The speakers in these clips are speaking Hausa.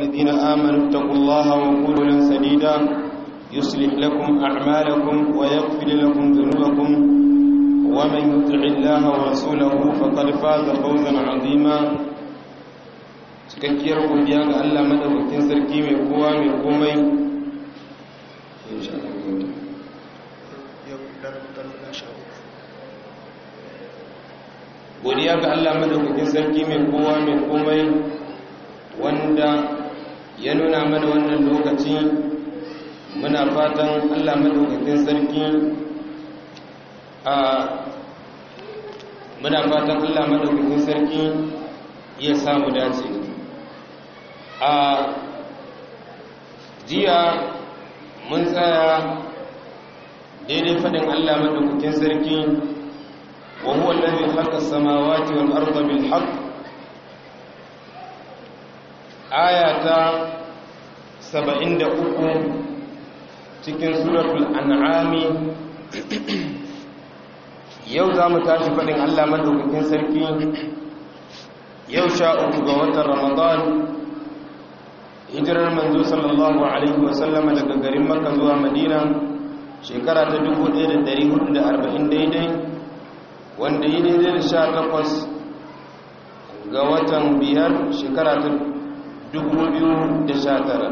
الذين آمنوا اتقوا الله وقولوا سديدا يصلح لكم أعمالكم ويغفر لكم ذنوبكم ومن يطع الله ورسوله فقد فاز فوزا عظيما cikakkiyar godiya ga Allah madaukakin sarki mai kowa mai komai godiya ga Allah madaukakin sarki mai kowa mai komai wanda ya nuna mana wannan lokaci muna fatan allah madaukakin sarki a muna fatan allah madaukakin sarki ya samu dace a jiya mun tsaya daidai faɗin allah madaukakin sarki wa وهو الذي خلق السماوات bil بالحق aya ta 73 cikin suratul an'ami yau za mu tashi faɗin allah madaukakin sarki yau sha uku ga watan ramadan hijirar manzo sallallahu alaihi wasallam daga garin makka zuwa madina shekara ta arba'in daidai wanda yi daidai da sha takwas ga watan biyar shekara ta dubu biyu da sha tara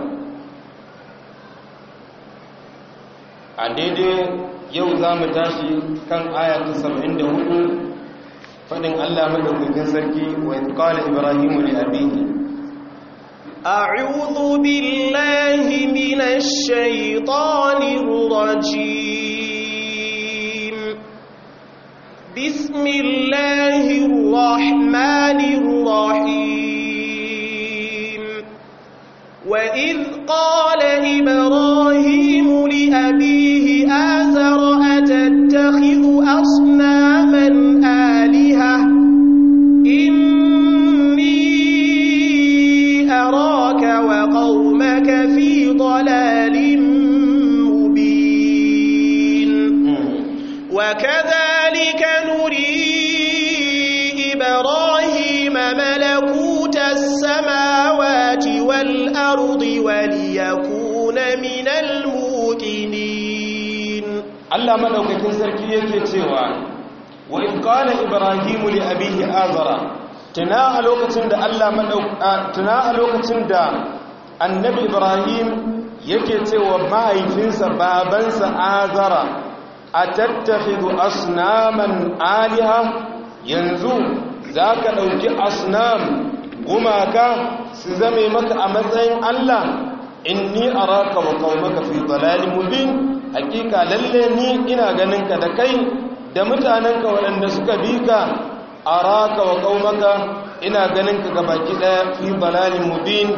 a daidai yau za mu tashi kan ayatun saba'in da hudu faɗin allah maɗaukakin sarki wa yi ƙala ibrahimu da abihi أعوذ بالله من الشيطان الرجيم بسم الله الرحمن الرحيم وَإِذْ Allah madaukakin sarki yake cewa wa in qala ibrahim li abihi azara tana a lokacin da Allah tana a lokacin da annabi ibrahim yake cewa mahaifinsa babansa azara atattakhidhu asnaman aliha yanzu zaka dauki asnam gumaka su zame maka a matsayin Allah inni araka wa qaumaka fi dhalalin mubin hakika lalle ni ina ganin ka da kai da mutanenka waɗanda suka bi ka raka wa ina ganin ka baki ɗaya fi balalin mubin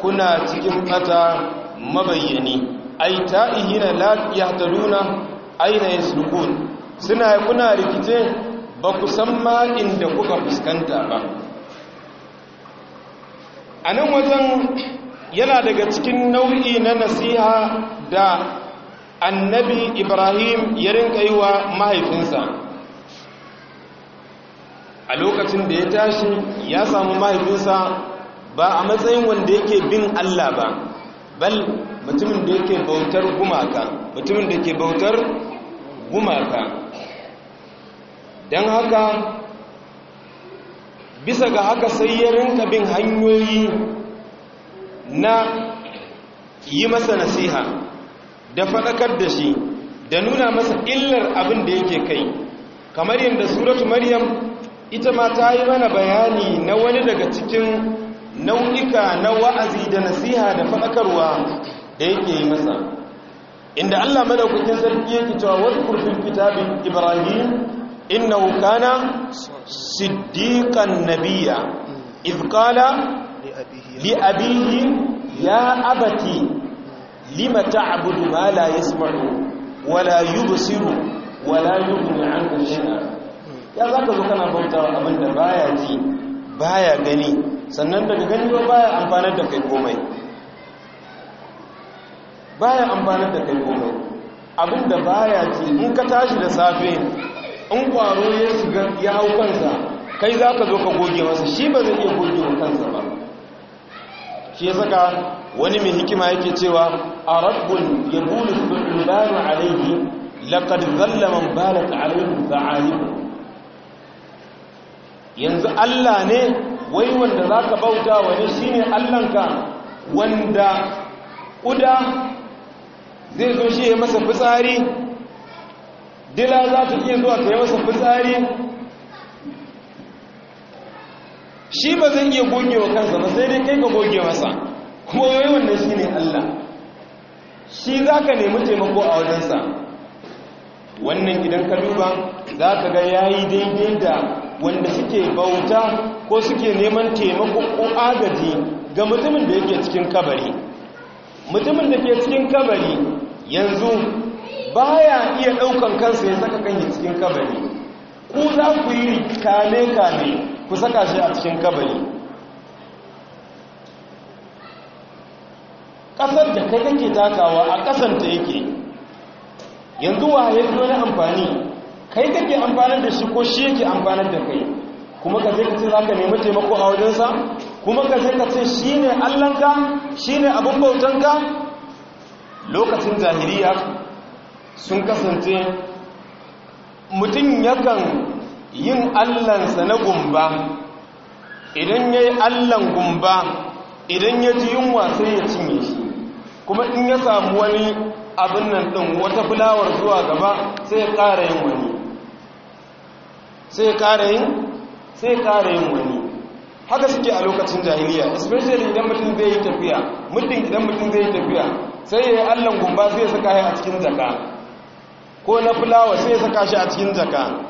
kuna cikin bata mabayyani ai ta lafiya ta nuna aina yaslukun suna kuna rikice ba ku san ma inda kuka fuskanta ba a nan wajen yana daga cikin nau'i na nasiha da annabi ibrahim ya rinka yi wa mahaifinsa a lokacin da ya tashi ya samu mahaifinsa ba a matsayin wanda yake bin allah ba bal mutumin da yake bautar gumaka mutumin da yake bautar gumaka don haka bisa ga haka sai ya rinka bin hanyoyi na yi masa nasiha da faɗakar da shi da nuna masa illar abin da yake kai kamar yadda suratu maryam ita ma ta yi mana bayani na wani daga cikin nau'ika na wa'azi da nasiha da faɗakarwa da yake yi masa inda allah madaukakin sarki yake cewa wasu kurfin kitabin ibrahim Inna kana siddiqan Nabiya, izkala li abihi ya abati lima ta abudu ma la yasma'u wala yubsiru wala gudun an shay'a ya zaka zo kana bauta abin da baya ji baya gani sannan daga gani ba baya amfanar da kai komai baya amfanar da kai komai abin da baya ji in ka tashi da safe in kwaro ya hau kansa kai zaka zo ka goge masa shi ba zai iya goge kansa ba shi ya saka wani mai hikima yake cewa a rabbun ya bulu alaihi laƙar zallaman balata alaihi za'ahibu yanzu allah ne wai wanda za ka bauta wani shi ne allanka wanda ƙuda zai zo shi ya masa fitsari dila za ta iya zuwa ta yi masa fitsari shi ba zai iya wa kansa ba sai dai kai ka goge masa kuma wai wannan shi ne Allah shi za ka nemi taimako a wajensa wannan idan ka duba za ka ga ya yi daidai da wanda suke bauta ko suke neman taimako ko agaji ga mutumin da yake cikin kabari mutumin da ke cikin kabari yanzu baya iya ɗaukan kansa ya saka kan cikin kabari ku za ku yi kame-kame ku saka shi a cikin kabari ƙasar da kai kake takawa a ƙasanta yake yanzu wa ya fi wani amfani kai kake amfani da shi ko shi yake amfani da kai kuma ka zai ka za ka nemi taimako a wajensa kuma ka zai ka shi ne allanka shi ne abin bautanka lokacin zahiriya sun kasance mutum yakan yin allansa na gumba idan ya yi allan gumba idan ya ji yunwa sai ya cinye shi kuma in ya samu wani abin nan ɗin wata fulawar zuwa gaba sai ya ƙara yin wani sai ƙara yin sai ƙara yin wani haka suke a lokacin jahiliya especially idan mutum zai yi tafiya muddin idan mutum zai yi tafiya sai ya yi allan gumba sai ya saka shi a cikin jaka ko na fulawa sai ya saka shi a cikin jaka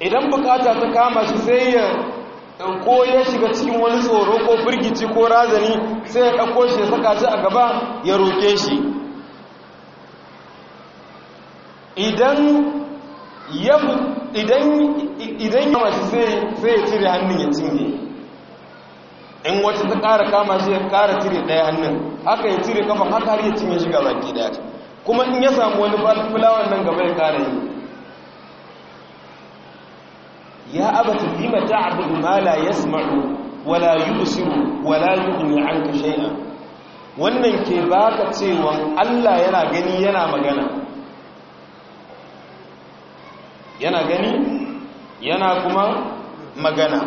idan bukata ta kama shi sai ya ko ya shiga cikin wani tsoro ko firgici ko razani sai ya ɗauko shi ya saka shi a gaba ya roƙe shi idan ya mace sai ya cire hannun ya cinye in wata ta ƙara kama shi ya ƙara cire ɗaya hannun haka ya cire kafa haka har ya cinye shi gaba ke kuma in ya samu wani fulawar nan gaba ya ƙara yi ya abata lima ta'budu ma la yasma'u wala wa wala yughni 'anka shay'a wannan ke baka cewa Allah yana gani yana magana yana gani yana kuma magana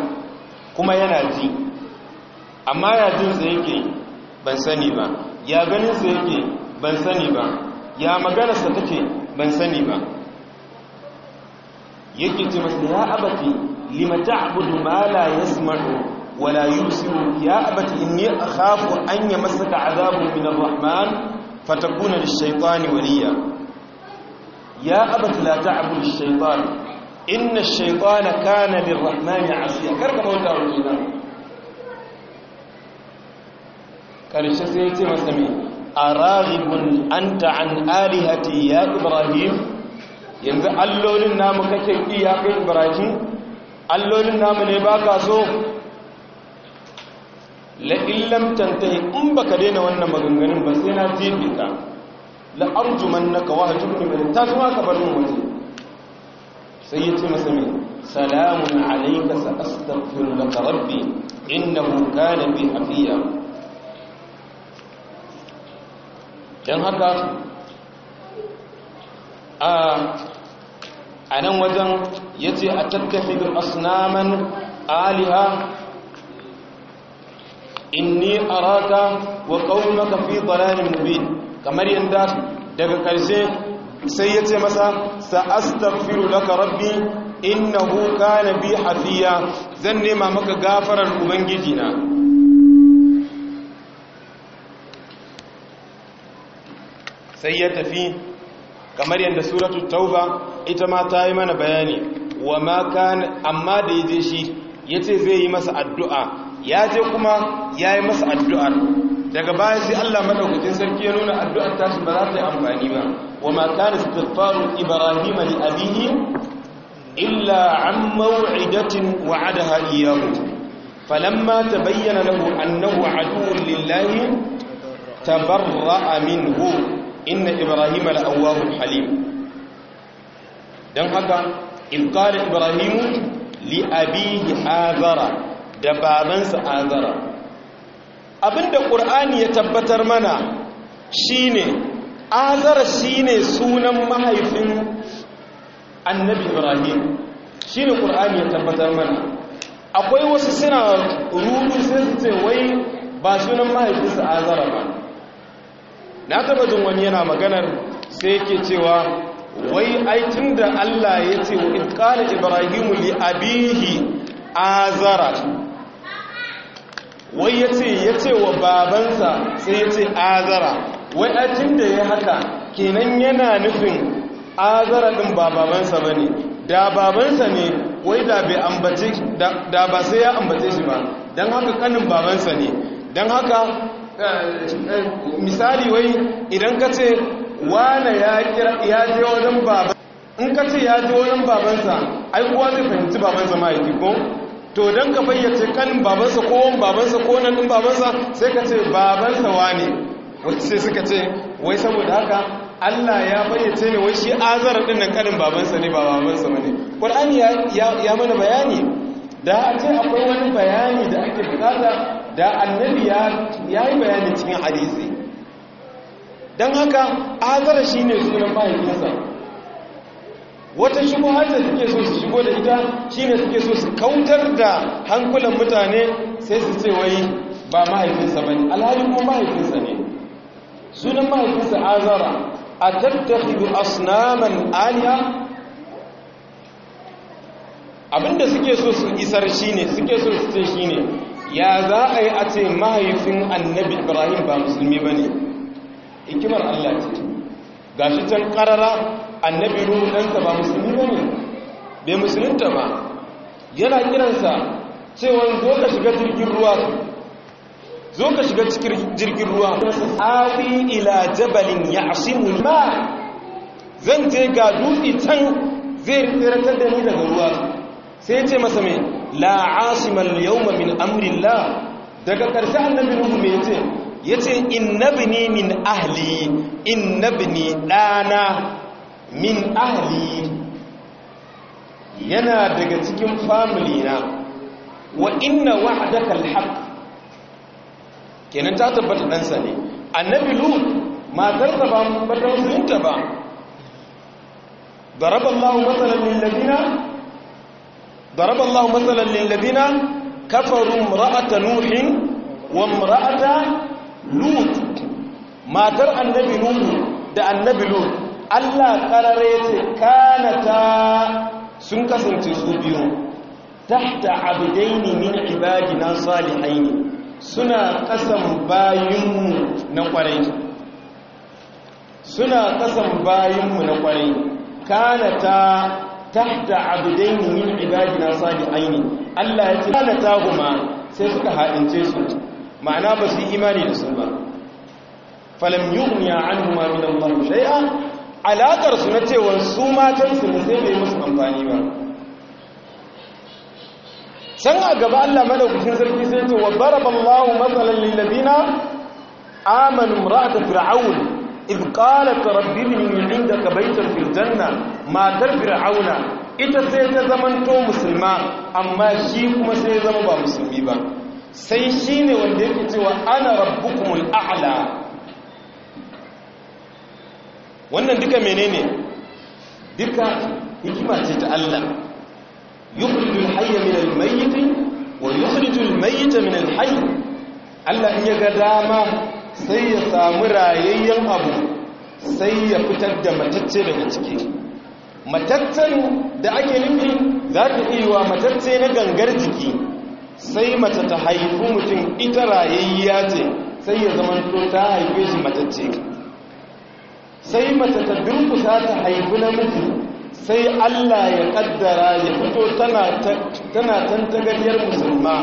kuma yana ji amma ya jinsa yake ban sani ba ya ganinsa yake ban sani ba ya maganarsa take ban sani ba yake ce masa ya abati lima ta'budu ma la yasma'u wa la yusiru ya abati inni akhafu an yamassaka azabu min ar-rahman fatakuna lish-shaytani waliya ya abati la ta'budu ash-shaytan inna ash-shaytana kana lir-rahmani 'asiya karka bauta wa kenan karshe sai ya ce masa me araghibun anta an alihati ya ibrahim yanzu allolin namu kake ƙi ya kai ibrahim allolin namu ne ba ka so la'illam tantahi in ba ka daina wannan maganganun ba sai na jefe ka la'arjuman na kawo hajjum ne ta zuma ka bar mu waje sai ya ce masa mai salamun alaika sa astaghfiru laka rabbi innahu kana bi afiya dan haka a nan wajen ya ce a tattafi da asnaman aliha inni araka wa maka fi tsaranin mubin kamar yadda daga karshe sai ya ce masa sa'astaghfiru daga rabbi huka na bi hafiya zan nema maka gafarar ubangiji na sai ya tafi kamar yadda suratu tauba ita ma ta yi mana bayani wa ma amma da yaje shi yace zai yi masa addu'a yaje kuma yayi masa addu'ar daga baya sai Allah madaukakin sarki ya nuna addu'ar ta shi ba za ta yi amfani ba wa ma kan istighfaru ibrahima li abihi illa an maw'idatin wa'adaha iyyahu falamma tabayyana lahu annahu aduwwun lillahi tabarra'a minhu inna ibrahima la'awwahun halim don haka ibqala ibrahimu li azara da babansa azara abinda qur'ani ya tabbatar mana shine azara shine sunan mahaifin annabi ibrahim shine qur'ani ya tabbatar mana akwai wasu suna rudu sai su ce wai ba sunan mahaifinsa azara ba na taba jin wani yana maganar sai yake cewa wai aikin da Allah ya ce wa ƙara ibrahimu li abihi azara wai ya ce ya ce wa babansa sai ya ce azara wai aikin da ya haka kenan yana nufin azara ɗin ba babansa ba ne da babansa ne wai da ba sai ya ambace shi ba don haka kanin babansa ne don haka Eh, eh, misali wai idan ka ce wane ya je wajen baban in ka ce ya je wajen babansa ai kuwa zai fahimci babansa ma yake ko to don ka fayyace kanin babansa ko wani babansa ko nan din babansa sai ka ce babansa wane wai sai suka ce wai saboda haka Allah ya bayyace ne wai shi azara dinnan kanin babansa ne ba babansa ba ne ƙwar'ani ya mana bayani da a ce akwai wani bayani da ake bukata da annabi ya yi bayani cikin hadisi don haka azara shi ne sunan mahaifinsa wata shigo da suke so su shigo da ita shi ne suke so su kautar da hankulan mutane sai su ce wai ba mahaifinsa ba ne alhari ko mahaifinsa ne sunan mahaifinsa azara a tattafi asnaman aliya abinda suke so su isar shine suke so su ce shine ya za a yi a ce mahaifin annabi ibrahim ba musulmi ba ne hikimar allah ce ga shi can karara annabi ruhu ɗansa ba musulmi ba ne bai musulunta ba yana kiransa cewa zo ka shiga jirgin ruwa zo ka shiga cikin jirgin ruwa awi ila jabalin ya asimu ma zan je ga dutse can zai tsiratar da ni daga ruwa sai ce masa mai la'asimal ma min amrillah daga ƙarshe annabi nuhu mai ce ya ce innabini min ahli innabini ɗana min ahli yana daga cikin familina wa inna wa'adaka alhaq kenan ta tabbata ɗansa ne annabi lut matarsa ba ba ta musulunta ba ضرب الله مثلا للذين ضرب الله مثلا للذين كفروا امرأة نوح وامرأة لوط ما در النبي نوح da annabi lut Allah karare ce kanata sun kasance su biyu tahta abdaini min ibadina salihaini suna kasan bayanmu na kwarai suna na kwarai kanata tahta abdaini min ibadina salihaini Allah ya ce kana tahuma sai suka haɗince su ma'ana ba su imani da su ba falam yughni anhuma min Allah shay'a alaqar su na cewa su matan su ne sai bai musu amfani ba san a gaba Allah madaukakin sarki sai ya ce wa daraballahu mathalan lil ladina amanu ra'at fir'aun idh qalat rabbi inni indaka baytan fil janna matar fir'auna ita sai ta zamanto musulma amma shi kuma sai ya zama ba musulmi ba sai shi ne wanda yake cewa ana rabbukumul a'la wannan duka menene duka hikima ce ta Allah yukhrijul hayya min al-mayyit wa yukhrijul mayyita min al-hayy Allah in ya ga dama sai ya samu rayayyen abu sai ya fitar da matacce daga ciki mataccen da ake nufi za ta iya matacce na gangar jiki sai mace ta haifu mutum ita rayayya ce sai ya zama to ta haife shi matacce sai mace ta durkusa ta na namiji sai allah ya kaddara ya fito tana tantagariyar musulma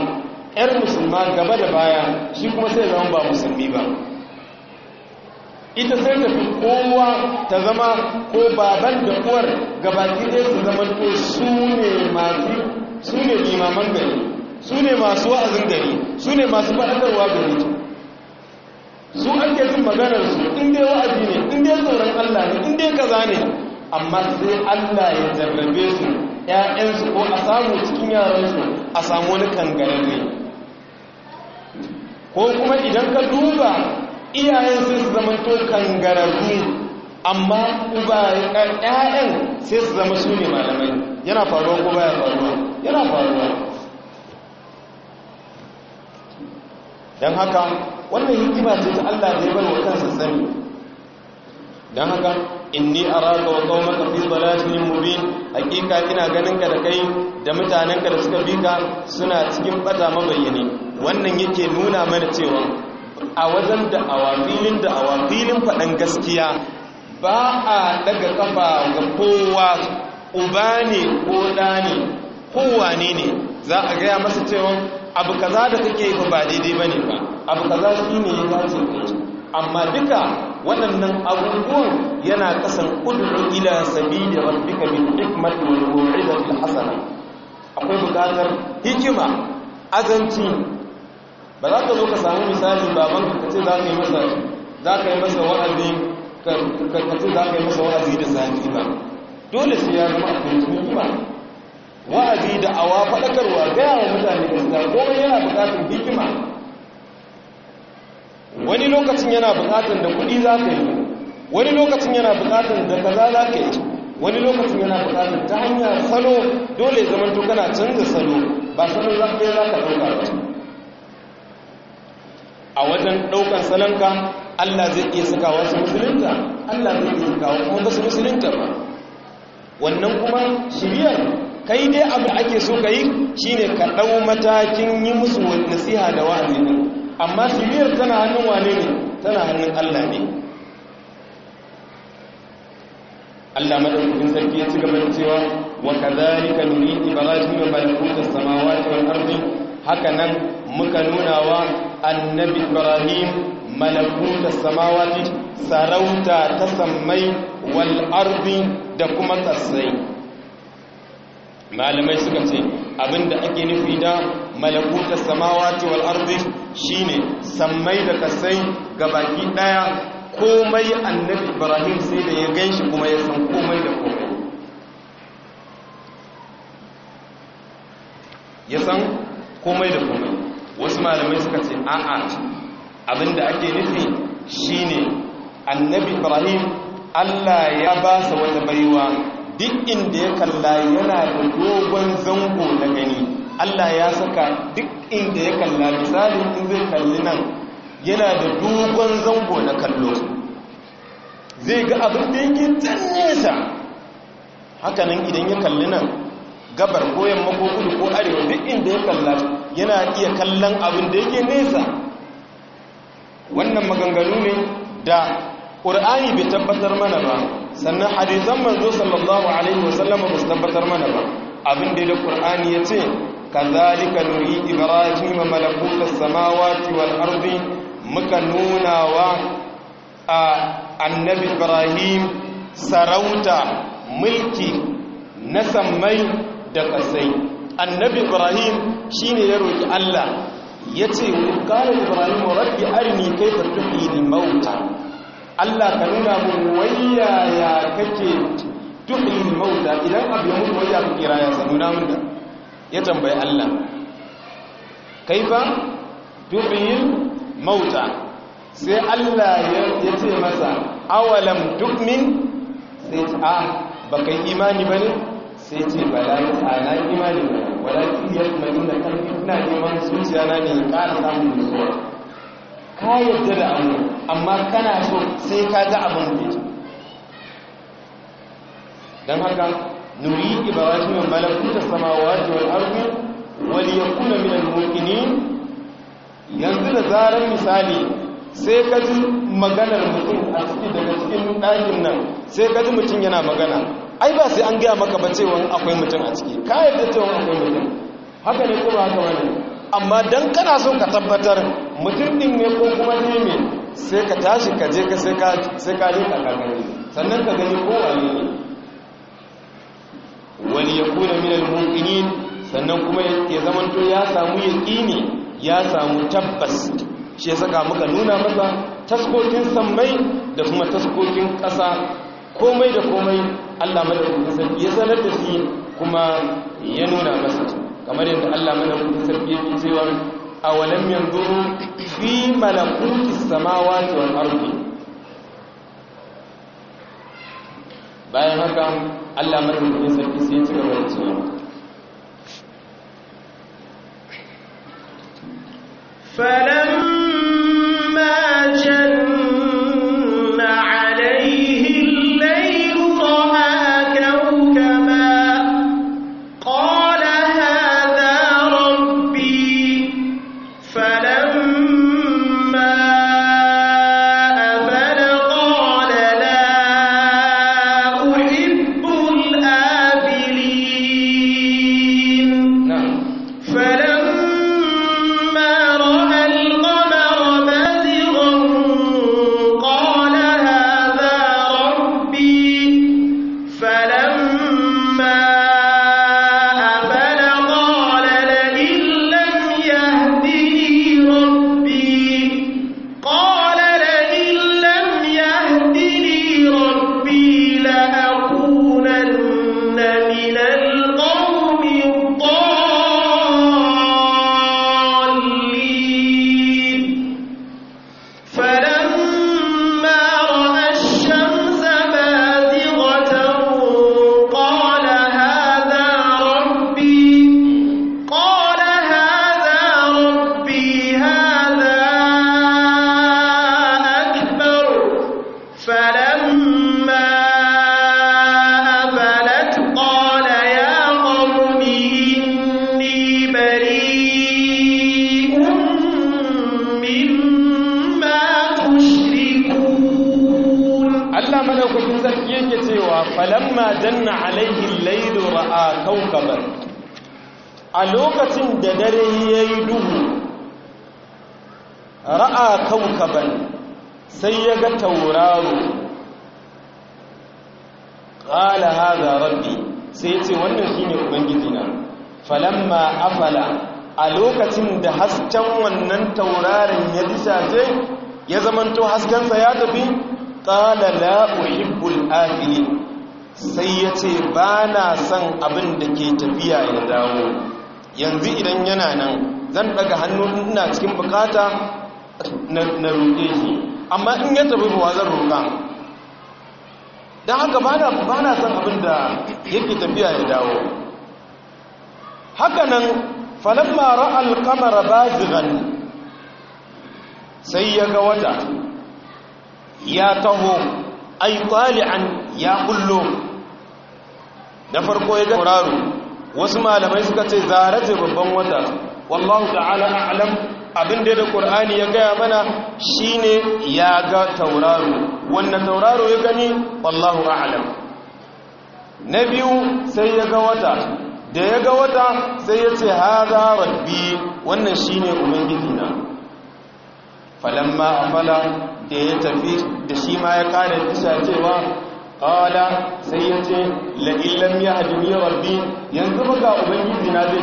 'yar musulma gaba da baya shi kuma sai zama ba musulmi ba ita sai tafi kowa ta zama ko baban da uwar gabaki ɗaya su zama ko su ne masu su ne limaman gari su ne masu wa'azin gari su ne masu faɗaɗarwa gari su an ke jin maganar su in dai wa'azi ne inda dai tsoron allah ne inda dai kaza ne amma sai allah ya jarrabe su ‘ya'yansu ko a samu cikin yaransu a samu wani ne. ko kuma idan ka duba iyayen sun zamanto kangararru amma uba ƴaƴan sai su zama su ne malamai yana faruwa ko baya faruwa yana faruwa don haka wannan hikima ce ta Allah da ya bar wa kansa sani don haka inni araka wa maka fi dhalatin mubin hakika kina ganin ka da kai da mutanenka da suka bi ka suna cikin bata mabayyane wannan yake nuna mana cewa a wajen da awafilin da awafilin faɗan gaskiya ba a daga kafa ga kowa uba ne ko ɗa ne kowane ne za a gaya masa cewa abu kaza da kake yi ba daidai ba ne ba abu kaza shi ne ya dace amma duka waɗannan abubuwan yana kasan ud'u ila sabili rabbika bil hikmati wal mau'izati al hasana akwai bukatar hikima azanci ba za ka zo ka samu misali baban ka ce za ka yi masa za ka yi masa wa'azi ka ce za ka yi masa wa'azi da zafi ba dole sai ya zama abin hikima wa'azi da awa faɗakarwa gaya wa mutane gaskiya komai yana bukatar hikima wani lokacin yana bukatun da kudi za ka yi wani lokacin yana bukatun da kaza za ka yi wani lokacin yana bukatun ta hanyar salo dole ya zama kana canza salo ba salon za ka yi za ka ɗauka ba a wajen daukan salonka allah zai iya suka wasu musulunta allah zai iya suka wasu musulunta ba wannan kuma shiriyar kai dai abu ake so ka yi shine ka ɗau matakin yi musu nasiha da wa'azi amma shiriyar tana hannun wane ne tana hannun Allah ne Allah madaukakin sarki ya ci gaba da cewa wa kadhalika nuri ibrahim malakutus samawati wal ardi haka nan muka nuna wa annabi ibrahim malakutus samawati sarauta ta sammai wal ardi da kuma kasai malamai suka ce abinda ake nufi da malakutar samawati wal ardi shine sammai da kasai baki daya komai annabi ibrahim sai da ya ganshi kuma ya san komai da komai ya san komai da komai wasu malamai suka ce a'a abinda ake nufi shine annabi ibrahim Allah ya ba sa wata baiwa duk inda ya kalla yana da dogon zango na gani Allah ya saka duk inda ya kalla misalin in zai kalli nan yana da dogon zango na kallo zai ga abin da yake can nesa hakanan idan ya kalli nan gabar ko yamma ko kudu ko arewa duk inda ya kalla yana iya kallon abin da yake nesa wannan maganganu ne da ƙur'ani bai tabbatar mana ba sannan hadisan manzo sallallahu alaihi wasallama ba tabbatar mana ba abin da da ƙur'ani ya ce kazalika nuri ibrahim malakutas samawati wal ardi muka nuna wa a annabi ibrahim sarauta mulki na samai da kasai annabi ibrahim shine ya roki Allah yace qala ibrahim rabbi arni kayfa tuhyi al mauta Allah ka nuna mu wayya ya kake tuhin mauta idan abu ya mutu wayya kake raya ya nuna mu da ya tambayi Allah kaifa tuhin mauta sai Allah ya ce masa awalam tukmin sai ce a ah, baka imani bane sai ce bala ana imani bane walakin yasmanu na kan na iman zuciya na ne ƙara samun nutsuwa ka yarda da abu amma kana so sai ka ga abin da don haka nuri ibrahim malakuta wa wal ardi wani ya kuna al muqinin yanzu da zarar misali sai ka ji maganar mutum a ciki daga cikin ɗakin nan sai ka ji mutum yana magana ai ba sai an gaya maka ba cewa akwai mutum a ciki ka yadda cewa akwai mutum haka ne kuma haka wani amma dan kana so ka tabbatar mutum ne ko kuma ne ne sai ka tashi ka je ka sai ka rika kakari sannan ka gani ko wani ne wani ya kuna min al sannan kuma ya zamanto ya samu ne ya samu tabbas shi ya saka muka nuna masa taskokin sammai da kuma taskokin ƙasa komai da komai Allah madaukakin sarki ya sanar da shi kuma ya nuna masa kamar yadda Allah madaukakin sarki yake cewa awalam yanzuru fi malakutis samawati wal ardi bayan haka Allah madaukakin sarki sai ya ci gaba da cewa فلما a lokacin da dare ya yi duhu ra'a kaukaban sai ya ga tauraro ƙala haza rabbi sai ya ce wannan shi ne ubangijina falamma afala a lokacin da hasken wannan taurarin ya dishace ya zamanto haskensa ya tafi ƙala la'uhibbul afili sai ya ce ba na son abin da ke tafiya ya dawo yanzu idan yana nan zan daga hannu ina cikin bukata na roƙe shi amma in ya tafi ruwa zan roƙa don haka ba na san abin da yake tafiya ya dawo hakanan nan falamma ra'al kamar bazigan sai ya ga wata ya taho ai an ya kullo da farko ya ga tauraro wasu malamai suka ce zara ce babban wata wallahu ta'ala a'lam abin da da qur'ani ya gaya mana shine ya ga tauraro wannan tauraro ya gani wallahu a'lam na biyu sai ya ga wata da ya ga wata sai ya ce hada rabbi wannan shine ubangiji na falamma amala da ya tafi da shi ma ya kare kusa cewa qala sai yace la a yahdini rabbi yanzu ba ga ubangiji na zai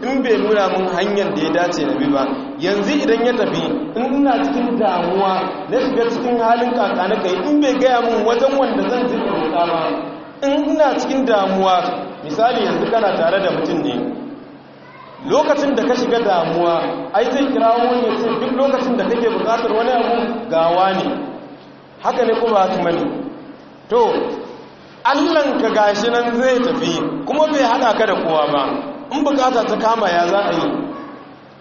tafi in bai nuna mun hanyar da ya dace na bi ba yanzu idan ya tafi in ina cikin damuwa na shiga cikin halin kakana kai in bai gaya mun wajen wanda zan je wuta ba in ina cikin damuwa misali yanzu kana tare da mutum ne lokacin da ka shiga damuwa ai zai kirawo wani ya ce duk lokacin da kake bukatar wani abu gawa ne haka ne kuma haka to allan ka gashi nan zai tafi kuma bai hada ka da kowa ba in bukata ta kama ya za a yi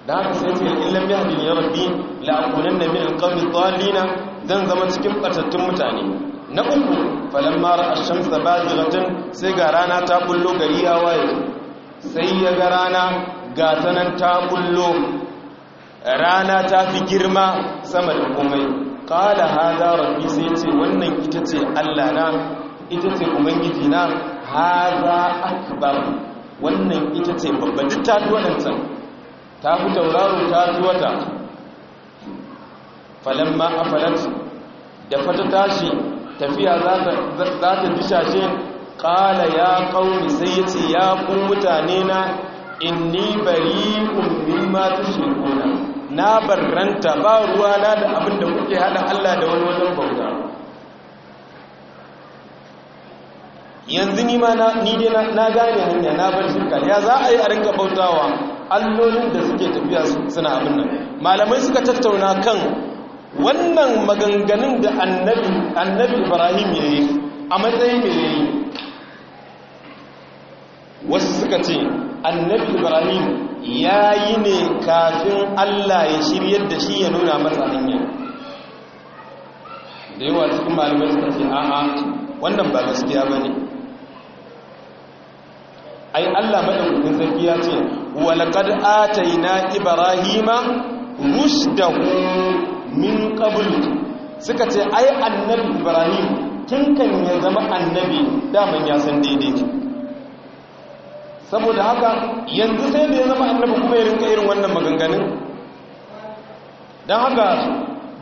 da haka sai ce in lam yahdini rabbi la na min alqawmi dhalina zan zama cikin batattun mutane na uku falamma ra'a ash-shamsa bazighatan sai ga rana ta bullo gari ya waye sai ya ga rana ga ta nan ta bullo rana ta fi girma sama da komai kala hada rabbi sai ce wannan ita ce Allah na ita ce ubangiji na hada akbar wannan ita ce babban ta duwanan ta ta fi tauraro ta a falamma su da fata tashi tafiya za ta dishashe kala ya qaumi sai ya ce ya kun mutane na inni bari'un mimma kuna na barranta ba ruwa na da abin da kuke hada Allah da wani wajen bauta yanzu ni ma ni dai na gane hanya na bar shirka ya za a yi a rinka bautawa allolin da suke tafiya suna abin nan malamai suka tattauna kan wannan maganganun da annabi ibrahim ya yi a matsayin mai yayi wasu suka ce annabi ibrahim ya yi ne kafin allah ya shiryar da shi ya nuna masa hanya da yawa cikin malamai suka ce a'a wannan ba gaskiya ba ne ai allah maɗaukakin sarki ya ce walaƙad na ibrahima rushdahu min qablu suka ce ai annabi ibrahim kinkan ya zama annabi daman ya san daidai saboda haka yanzu sai da ya zama annabi kuma ya rinka irin wannan maganganun don haka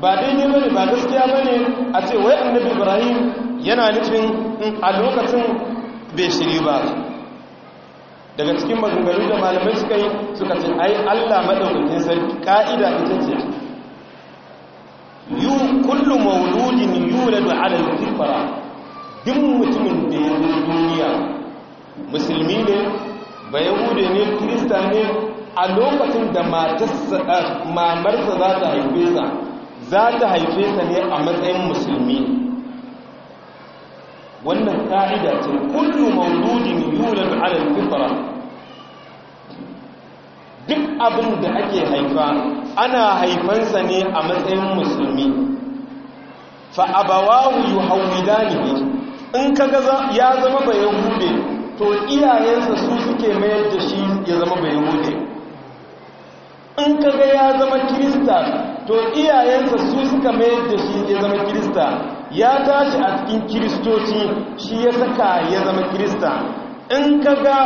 ba daidai ba ne ba gaskiya ba ne a ce wai annabi ibrahim yana nufin a lokacin bai shiri ba daga cikin maganganu da malamai suka yi suka ce ai allah maɗaukakin sarki Ka'ida ita ce yu kullu mauludin yuladu da al duk mutumin da ya duniya musulmi ne ba yahude ne kirista ne a lokacin da eh, mamarsa za ta haife sa za ta haife sa ne a matsayin musulmi wannan ka'ida ce kullu mauludin yulad ala al-fitra duk abin da ake haifa ana haifansa ne a matsayin musulmi fa abawahu ne, in kaga ya zama bayan hude to iyayensa su suke mayar da shi ya zama bai wuce in kaga ya zama kirista to iyayensa su suka mayar da shi ya zama kirista ya tashi a cikin kiristoci shi ya saka ya zama kirista in kaga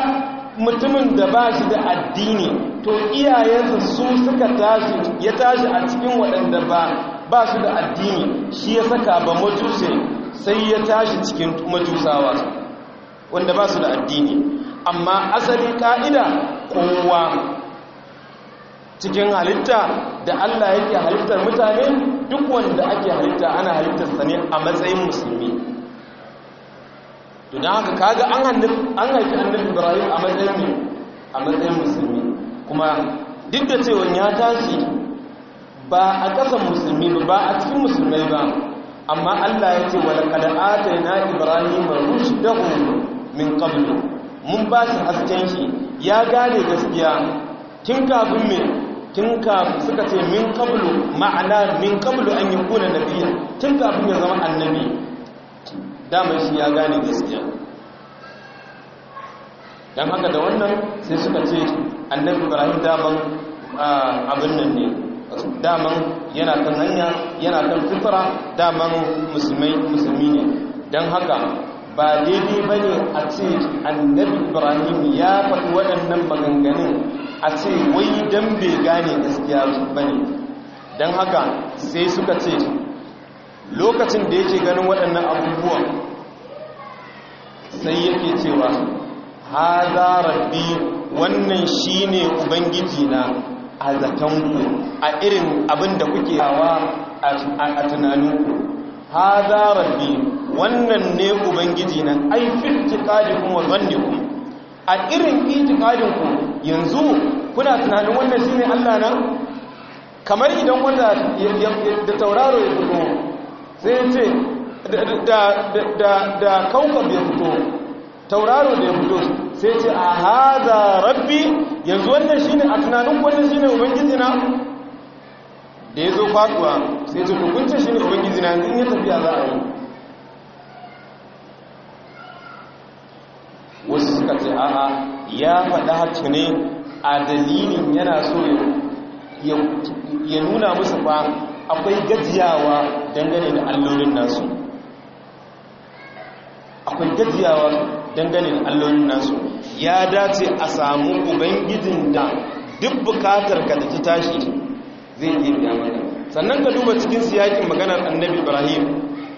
mutumin da ba shi da addini to iyayensa su suka tashi ya tashi a cikin waɗanda ba ba su da addini shi ya saka ba majuse sai ya tashi cikin majusawa wanda ba su da addini amma asali ka'ida kowa cikin halitta da Allah yake halittar mutane duk wanda ake halitta ana halittarsa ne a matsayin musulmi don haka kaga an haifi annabi ibrahim a matsayin musulmi kuma duk da cewa ya tashi ba a ƙasar musulmi ba ba a cikin musulmai ba amma Allah ya ce ibrahim laqad atayna da rushdahu min kabilu mun ba shi hasken shi ya gane gaskiya tun kafin mai tun kafin suka ce min kabilu ma'ana min kabilu an na biyan tun kafin ya zama annabi damar shi ya gane gaskiya Don haka da wannan sai suka ce annabi Ibrahim damar abin nan ne damar yana kan hanya yana kan fitara damar musulmi ne don haka ba daidai ba ne a ce annabi ibrahim ya faɗi waɗannan maganganun a ce wai don bai gane gaskiya ba ne don haka sai suka ce lokacin da yake ganin waɗannan abubuwa sai yake cewa haza rabbi wannan shine ubangiji na a ku a irin abin da kuke hawa a tunaninku hada rabbi wannan ne ubangiji na kadi kuma wa ku a irin ku yanzu kuna tunanin wannan shi ne allah na kamar idan wanda da tauraro ya fito sai ya ce da kawkar ya fito tauraro da ya fito sai ya ce a haza rabbi yanzu wannan shi ne a tunanin wannan shi ne ubangiji na da ya zo faduwa sai ce hukuncin shi ne ubangiji na yanzu in ya tafiya za a yi wasu suka ce a'a ya faɗa haka ne a dalilin yana so ya nuna musu fa akwai gajiyawa dangane da allolin nasu akwai gajiyawa dangane da allolin nasu ya dace a samu ubangijin da duk bukatar ka da ta tashi zai da sannan ka duba cikin siyakin maganar annabi ibrahim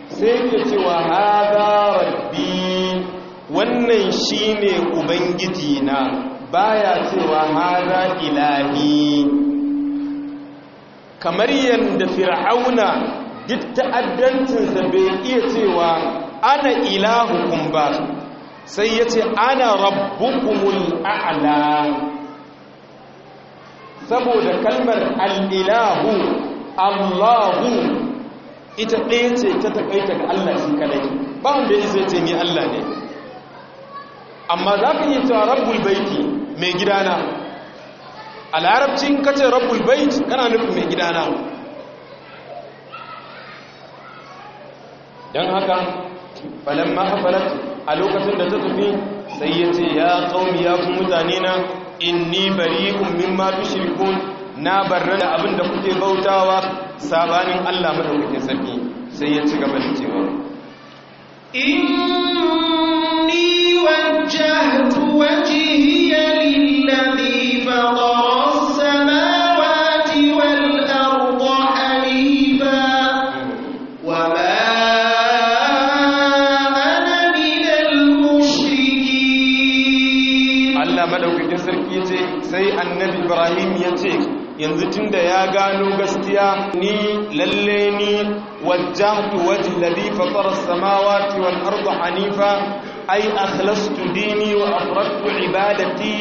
sai ke cewa haza rabbi wannan shi ne ubangiji na baya cewa haza ilahi kamar yadda fir'auna duk ta'addancinsa bai iya cewa ana ilahukum ba sai ya ce ana rabbukumul a'la saboda kalmar al'ilahu allahu ita ɗaya ce ta taƙaita ga allah shi kanai ba wanda ya ce ni allah ne amma za ka yi ta rabbul baiti mai gidana a larabcin kace rabbul baiki kana nufin mai gidana don haka falamma hafalat a lokacin da ta tafi sai ya ce ya kaumi ya fi mutane na inni bari'un mimma tushrikun na barra da abin da kuke bautawa sabanin Allah kuke sarki sai ya ci gaba da cewa inni wajjahtu wajhi yanzu da ya gano gaskiya ni lalle ni wajjahtu wajhi ladhi fatara samawati wal arda hanifa ay akhlastu dini wa afradtu ibadati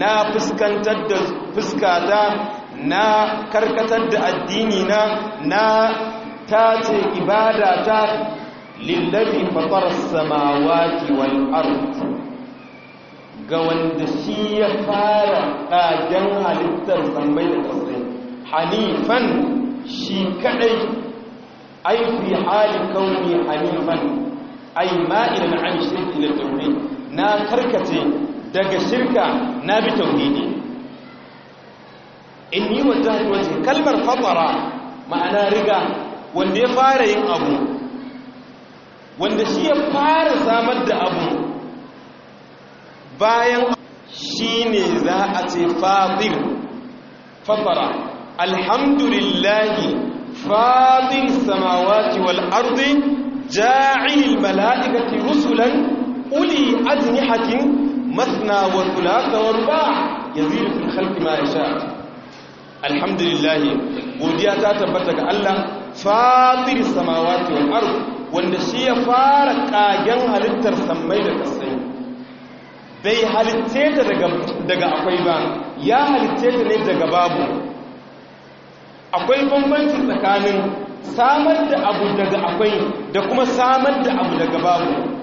na fuskantar da fuskata na karkatar da addini na na tace ibadata lillazi fatara samawati wal ga wanda shi ya fara ɗagen halittar sammai da ƙasai hanifan shi kaɗai ai fi hali kauni hanifan ai shirki da tauri na karkace daga shirka na bi tauhidi in yi wata wajen kalmar fatara ma'ana riga wanda ya fara yin abu wanda shi ya fara samar da abu bayan shi ne za a ce fadil fatara alhamdulillahi fadil samawati wal ardi ja'il mala'ikati rusulan uli ajnihatin masna wa thulatha wa ruba' yazir fil khalqi ma yasha alhamdulillahi godiya ta tabbatar ga Allah fadil samawati wal ardi wanda shi ya fara kagan halittar sammai da kasai bai halitte ta daga akwai ba ya halitta ta ne daga babu akwai bambanci tsakanin samar da abu daga akwai da kuma samar da abu daga babu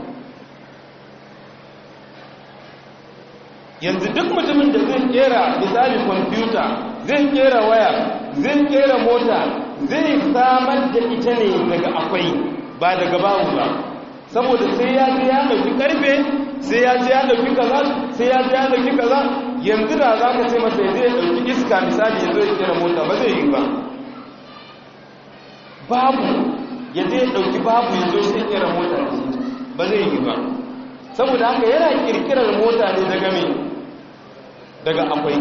yanzu duk mutumin da zai kera misali kwamfuta zai kera waya zai kera mota zai samar da ita ne daga akwai ba daga babu ba saboda sai ya je ya dauki karfe sai ya je ya dauki kaza sai ya je ya dauki kaza yanzu da za ka ce masa ya zai ɗauki dauki iska misali ya zo ya kira mota ba zai yi ba babu ya zai ɗauki dauki babu ya zo sai kira mota ba zai yi ba saboda haka yana kirkirar mota ne daga mai daga akwai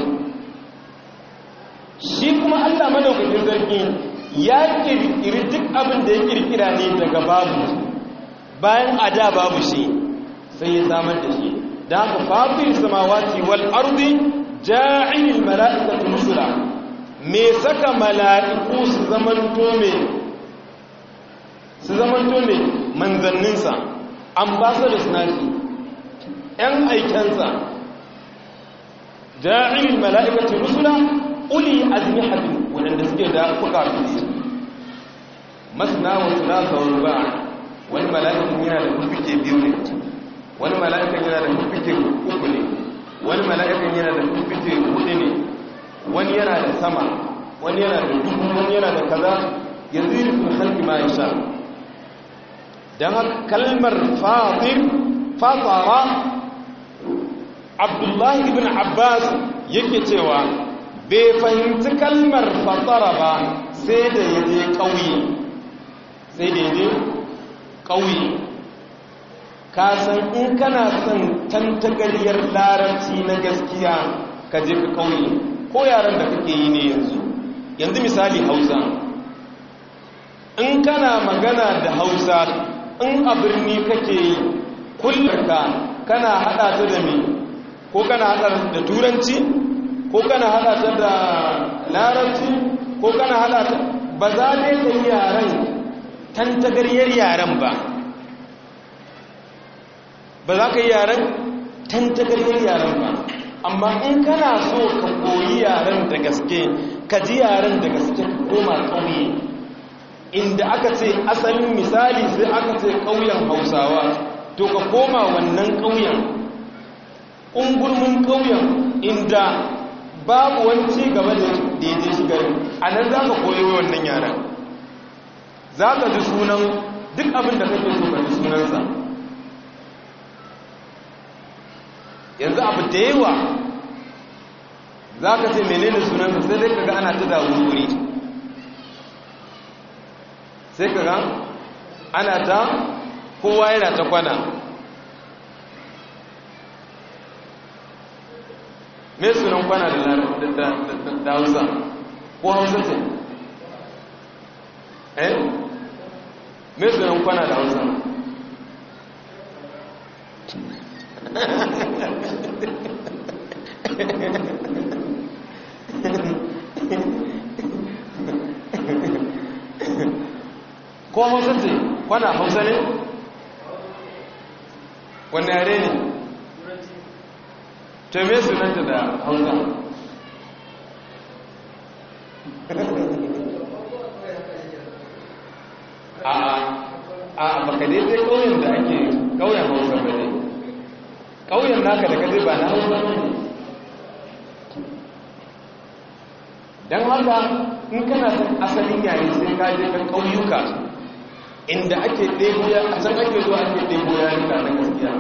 shi kuma Allah madaukakin zargi ya kirkiri duk abin da ya kirkira ne daga babu bayan a da babu shi sai ya samar da shi da haka fatir samawati wal ardi ja'ilul mala'ikatu rusula me saka mala'iku su zamanto me su zamanto me manzanninsa ambassadors nashi yan aikensa ja'ilul mala'ikatu rusula uli azmihatin wadanda suke da kuka masna wa thulatha wa ruba' wani mala'ikan yana da mafike biyu ne wani mala'ikan yana da mafike uku ne wani mala'ikan yana da mafike hudu ne wani yana da sama wani yana da dubu wani yana da kaza yanzu yi kun halki ma ya sha don kalmar fatir fatara abdullahi ibn abbas yake cewa bai fahimci kalmar fatara ba sai da ya je ƙauye sai da ya je ƙauye ka san in kana son tantagaliyar larabci na gaskiya ka je ka ƙauye ko yaran da kake yi ne yanzu yanzu misali hausa in kana magana da hausa in a birni kake yi kullarka kana haɗa ta da mai ko kana haɗa da turanci ko kana haɗa ta da larabci ko kana haɗa ta ba za ne ta yi yaren yar yaren ba ba za ka yi yaren yar yaren ba amma in kana so ka koyi yaren da gaske ka ji yaren da gaske ka koma ƙauye inda aka ce asalin misali sai aka ce ƙauyen hausawa to ka koma wannan ƙauyen ƙungurmin ƙauyen inda babu wani ci gaba da daidai shi gari a nan za ka koyi wannan yaren za ka ji sunan duk abin da kake so ka ji sunansa yanzu abu da yawa za ka ce menene sunansa sai dai kaga ana ta wuri sai kaga ana ta kowa yana ta kwana me sunan kwana da hausa ko hausa ce eh mai sunan kwana da ko hausa ce kwana hausa ne wani yare ne da hausa a a baka dai ƙauyen da ake ƙauyen hausa ba ne ƙauyen naka da kaje ba na hausa ba ne don haka in kana son asalin yare sai ka je kan ƙauyuka inda ake ɗebo ya a san ake zuwa ake ɗebo ya ta na gaskiya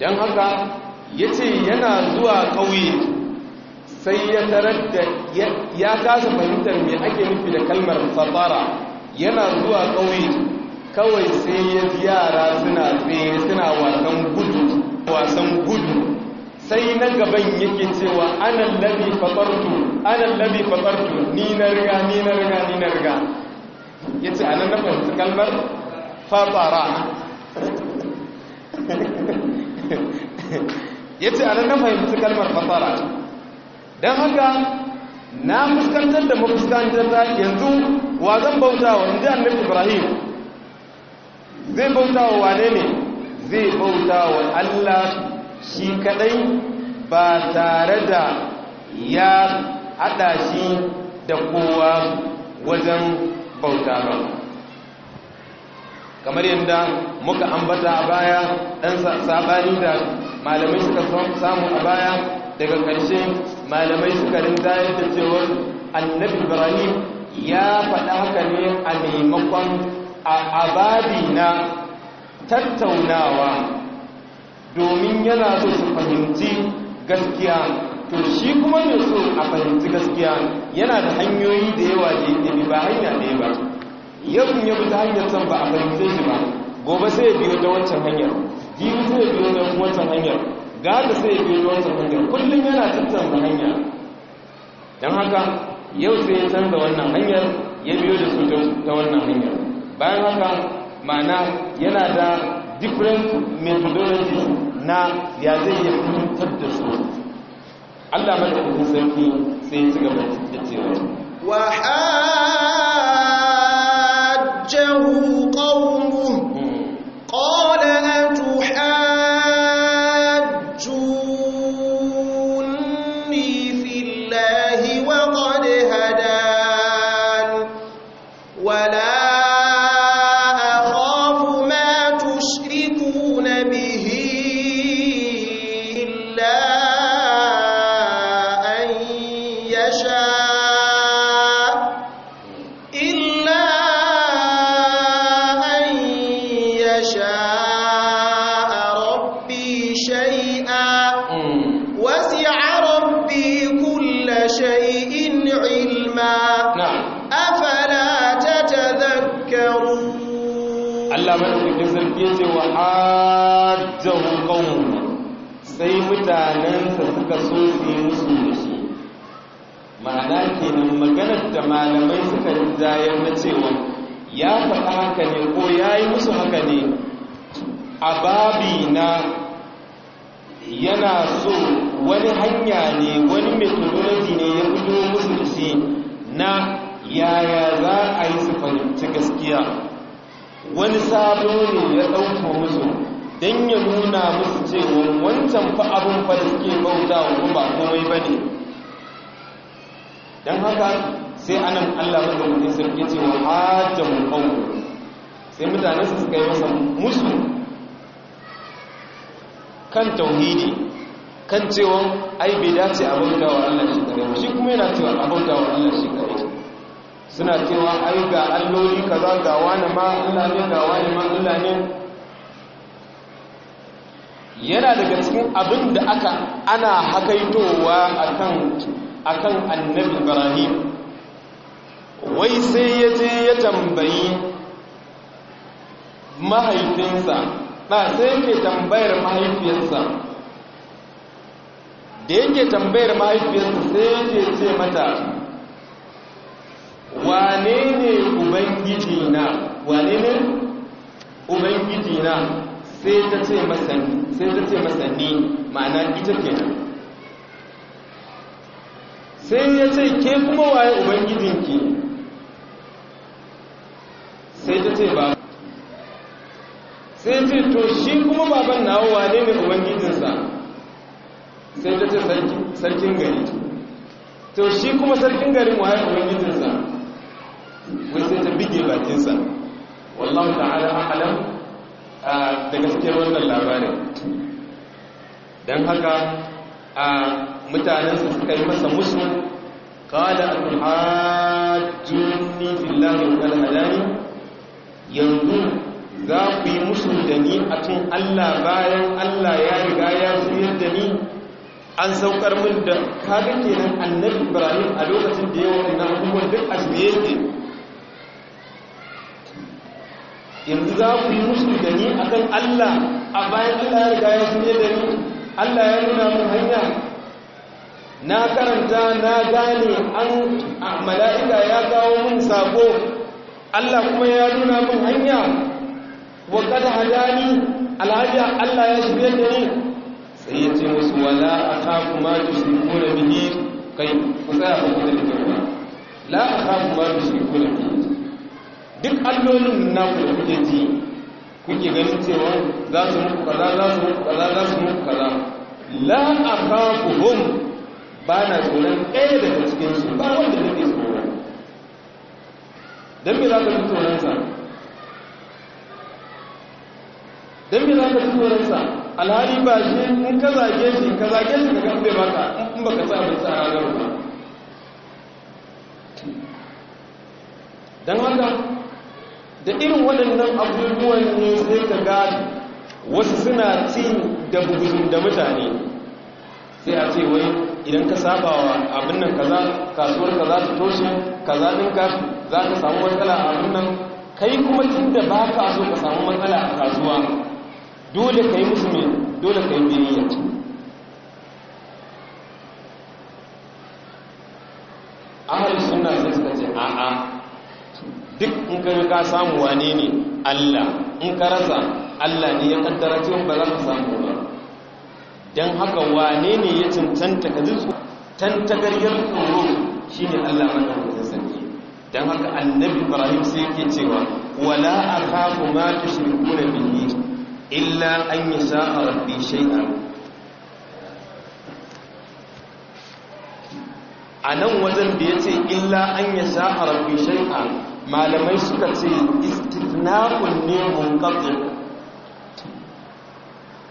don haka ya ce yana zuwa ƙauye sai ya tarar da ya kasa fahimtar me ake nufi da kalmar fatara yana zuwa ƙauye kawai sai ya yara suna tsaye suna wasan gudu wasan gudu sai na gaban yake cewa anan labi fafartu anan labi fafartu ni na riga ni na riga ni na riga ya ce anan na fahimci kalmar fafara. ya ce anan na fahimci kalmar fafara. don haka na fuskantar da mafuskantar ta yanzu wa zan bauta wa inda annabi ibrahim zai bauta wa wane ne zai bauta wa allah shi kadai ba tare da ya hada shi da kowa wajen bauta ba kamar yadda muka ambata a baya ɗan sabani da malamai suka samu a baya daga ƙarshe malamai suka rinjayar da cewa annabi ibrahim ya faɗa haka ne a maimakon a ababi na tattaunawa domin yana so su fahimci gaskiya to shi kuma mai so a fahimci gaskiya yana da hanyoyi da yawa da ya bi ba hanya ɗaya ba yau ya bi ta hanyar san ba a fahimce shi ba gobe sai ya biyo ta wancan hanyar jibi sai ya biyo ta wancan hanyar ga haka sai ya biyo wancan hanyar kullum yana tattauna hanya don haka yau sai ya canza wannan hanyar ya biyo da su ta wannan hanyar bayan haka mana yana da different methodology na ya zai yi fitar da su Allah mai da sarki sai ya ci gaba da cewa afala tatadhakkarun Allah madaukakin sarki ce wa hajjahu qawmun sai mutanensa suka so musu musu da kenan maganar da malamai suka rinjayar na cewa ya faɗa haka ne ko ya yi musu haka ne a babina, yana so wani hanya ne wani methodology ne ya fito musu da shi na yaya za a yi su fahimci gaskiya wani sabo ne ya ɗauko musu don ya nuna musu cewa wancan fa abin fa da suke bauta wa ba komai ba ne don haka sai anan allah mazaunin sarki ce wa hajjan ƙaunu sai mutane su suka yi masa musu kan tauhidi kan cewa ai bai dace a bauta wa allah shi kare shi kuma yana cewa a bauta wa allah shi kare suna cewa ai ga alloli kaza ga wani ma Allah ne ga wani ma Allah ne yana daga cikin abin da aka ana hakaitowa akan akan annabi Ibrahim wai sai ya je ya tambayi mahaifinsa ba sai ke tambayar mahaifiyarsa da yake tambayar mahaifiyarsa sai yake ce mata wane ne ubangiji na wane ne ubangiji na sai ta ce masani ma'ana ita kenan sai ya ce ke kuma waye ubangijinki sai ta ce ba sai ce to shi kuma baban nawa wane ne ubangijinsa sai ta ce sarkin gari to shi kuma sarkin garin waye ubangijinsa wai sai ta bige bakinsa wallahu ta'ala a'lam ah, da gaske wannan labarin don haka a ah, mutanensa suka yi masa musu kada a tuhajjuni wal halali yanzu za ku yi musu da ni a tun allah bayan allah ya riga ya zuyar da ni an saukar min da kaga kenan annabi ibrahim a lokacin da yawan na abubuwan duk a zuye yanzu za ku yi musu gani a kan Allah a bayan Allah ya riga ya shirye da ni Allah ya nuna mun hanya na karanta na gane an mala'ika ya kawo mun sako Allah kuma ya nuna mun hanya wa kada hadani alhaji Allah ya shirye da ni sai ya ce musu wala akhafu ma tusrikuna bihi kai ku tsaya ku da ni la akhafu ma tusrikuna bihi duk allolin naku da kuke ji kuke ganin cewa za su muku kaza za su muku kaza za su muku kaza la a kafu hun ba na tsoron ɗaya daga cikin su ba wanda nake tsoro dan me za ka ji tsoron don dan me za ka ji tsoron sa alhali ba shi in ka zage shi ka zage shi ka bai maka in baka sa abin sa ranar ba don haka da irin waɗannan abubuwan ne sai ka ga wasu suna cin da bugun da mutane sai a ce wai idan ka saba wa abin nan kaza kasuwar ka za ta toshe kaza din ka za ka samu matsala a abin nan kai kuma tun da ba ka so ka samu matsala a kasuwa dole ka yi musu mai dole ka yi biyayya ahalin sunna sai suka ce a'a duk in ka ka samu wane ne Allah in ka rasa Allah ne ya kaddara cewa ba za ka samu ba dan haka wane ne ya cancanta ka ji tantagaryar tsoro shine Allah madaukakin sanke. dan haka annabi Ibrahim sai yake cewa wala akhafu ma tushrikuna bihi illa an yasha rabbi shay'an a nan wajen da ya ce illa an ya sha a rabbi shai'a malamai suka ce istifna'un ne munqati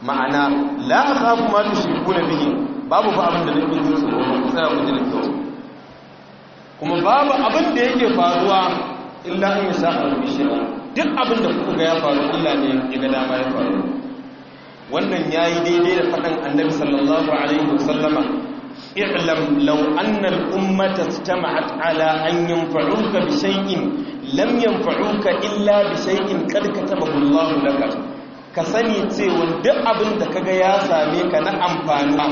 ma'ana la su shi kuna bihi babu ba abin da nake jin tsoro sai ku ji kyau kuma babu abin da yake faruwa illa an yasa rabbi shay'a duk abin da kuka ga ya faru illa ne ya ga dama ya faru wannan ya yi daidai da faɗan annabi sallallahu alaihi wasallama اعلم لو أن الأمة اجتمعت على أن ينفعوك بشيء لم ينفعوك إلا بشيء قد كتبه الله لك كثني تسيو دع انتك يا ساميك نعم فانا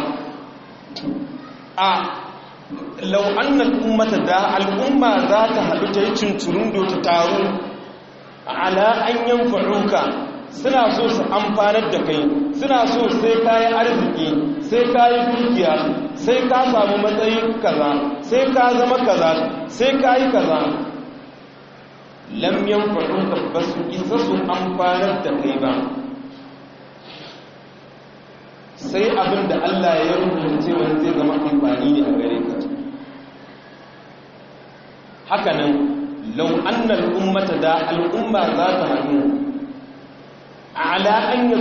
لو أن الأمة da الأمة za ta haɗu ta yi cincirundo ta taru suna so su amfanar da kai suna so sai kayi arziki sai kayi dukiya sai ka samu matsayin kaza sai ka zama kaza sai ka yi kaza lam yanfa'uka basu isa su amfanar da kai ba sai abin da Allah ya rubuce wani zai zama amfani ne a gare ka haka nan lau ummata da al'umma za ta hannu ala an yi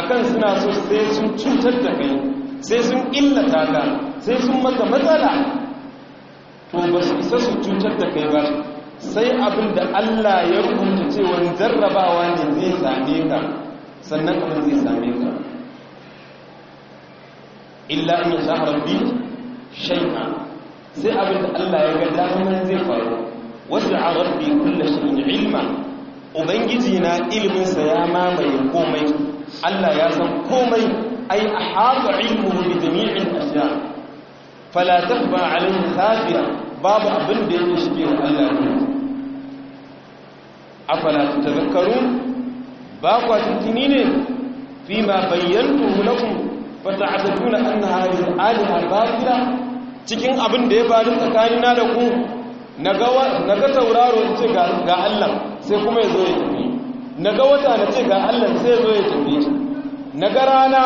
akan suna so sai sun cutar da kai sai sun illata ka sai sun maka matsala to ba su isa su cutar da kai ba sai abin da Allah ya rubuta cewa jarrabawa ne zai same ka sannan abin zai same ka illa in yasha rabbi shay'a sai abin da Allah ya ga daman zai faru wasu a rabbi shi shay'in ilma ubangiji na ilmin ya mamaye komai Allah ya san komai أي أحاط علمه بجميع الأشياء فلا تخبى عليه خافية باب أبن دين يشكيه ألا أفلا تتذكرون باب أتنين فيما بينته لكم فتعتدون أن هذه الآلهة باطلة cikin abin da ya faru tsakanina da ku na ga tauraro ce ga Allah sai kuma ya zo ya tafi na ga wata na ce ga Allah sai ya zo ya tafi na ga rana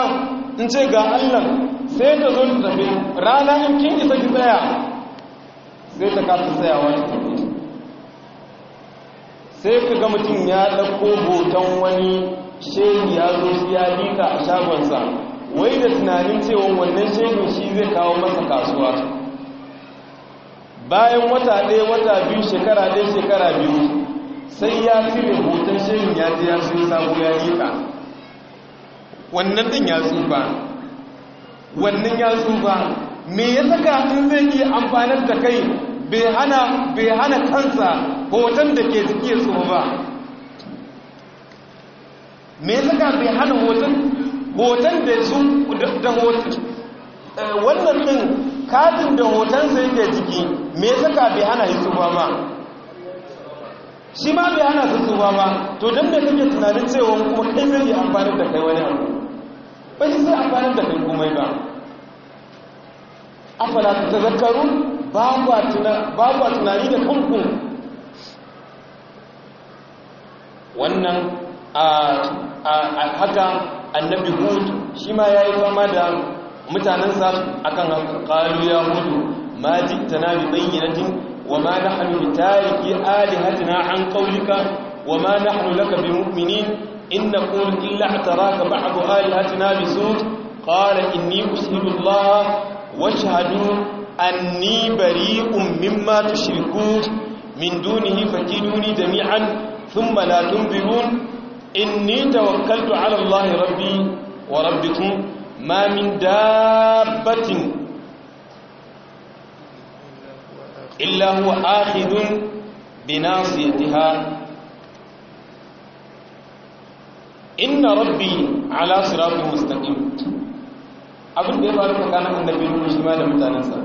in ce ga allon, sai ta zo ta tafi rana in kin isa ki tsaya sai ta kasa tsayawa ta tafi sai ka ga mutum ya ɗauko hoton wani shehu ya zo ya lika a shagonsa wai da tunanin cewa wannan shehu shi zai kawo masa kasuwa bayan wata ɗaya wata biyu shekara ɗaya shekara biyu sai ya cire hoton shehu ya je ya sun sabo ya lika wannan din ya tsufa wannan ya tsufa me ya saka in zai iya amfanar da kai bai hana kansa hoton da ke jiki ya tsufa ba me ya saka bai hana hoton hoton da su da hoton eh, wannan din katin da hoton sai ke jiki me ya saka bai hana ya tsufa ba shi ma bai hana su tsufa ba to don da kake tunanin cewa kuma kai zai yi amfani da kai wani abu bai sai amfani da kai komai ba afala ta zakaru ba kwa tunani da kanku wannan a haka annabi hud shi ma ya yi fama da mutanensa akan kalu ya hudu ma jiktana bi bayyanatin wa ma nahnu bi tariki alihatina an qawlika wa ma nahnu laka bi mu'minin in na ƙun illa a tara ga ba abu halittu na ƙara inni usulullah wacce hadu anni bari ummin mata shirku min duniya faƙi duni da mi'an sun malatun birun inni ta wakaltu alallahi rabbi wa rabbikun ma min dabbatin illa huwa ahidun bi nasiyatiha inna rabbi ala siratul mustaqim abin da ya faru tsakanin annabi da shi ma da mutanansa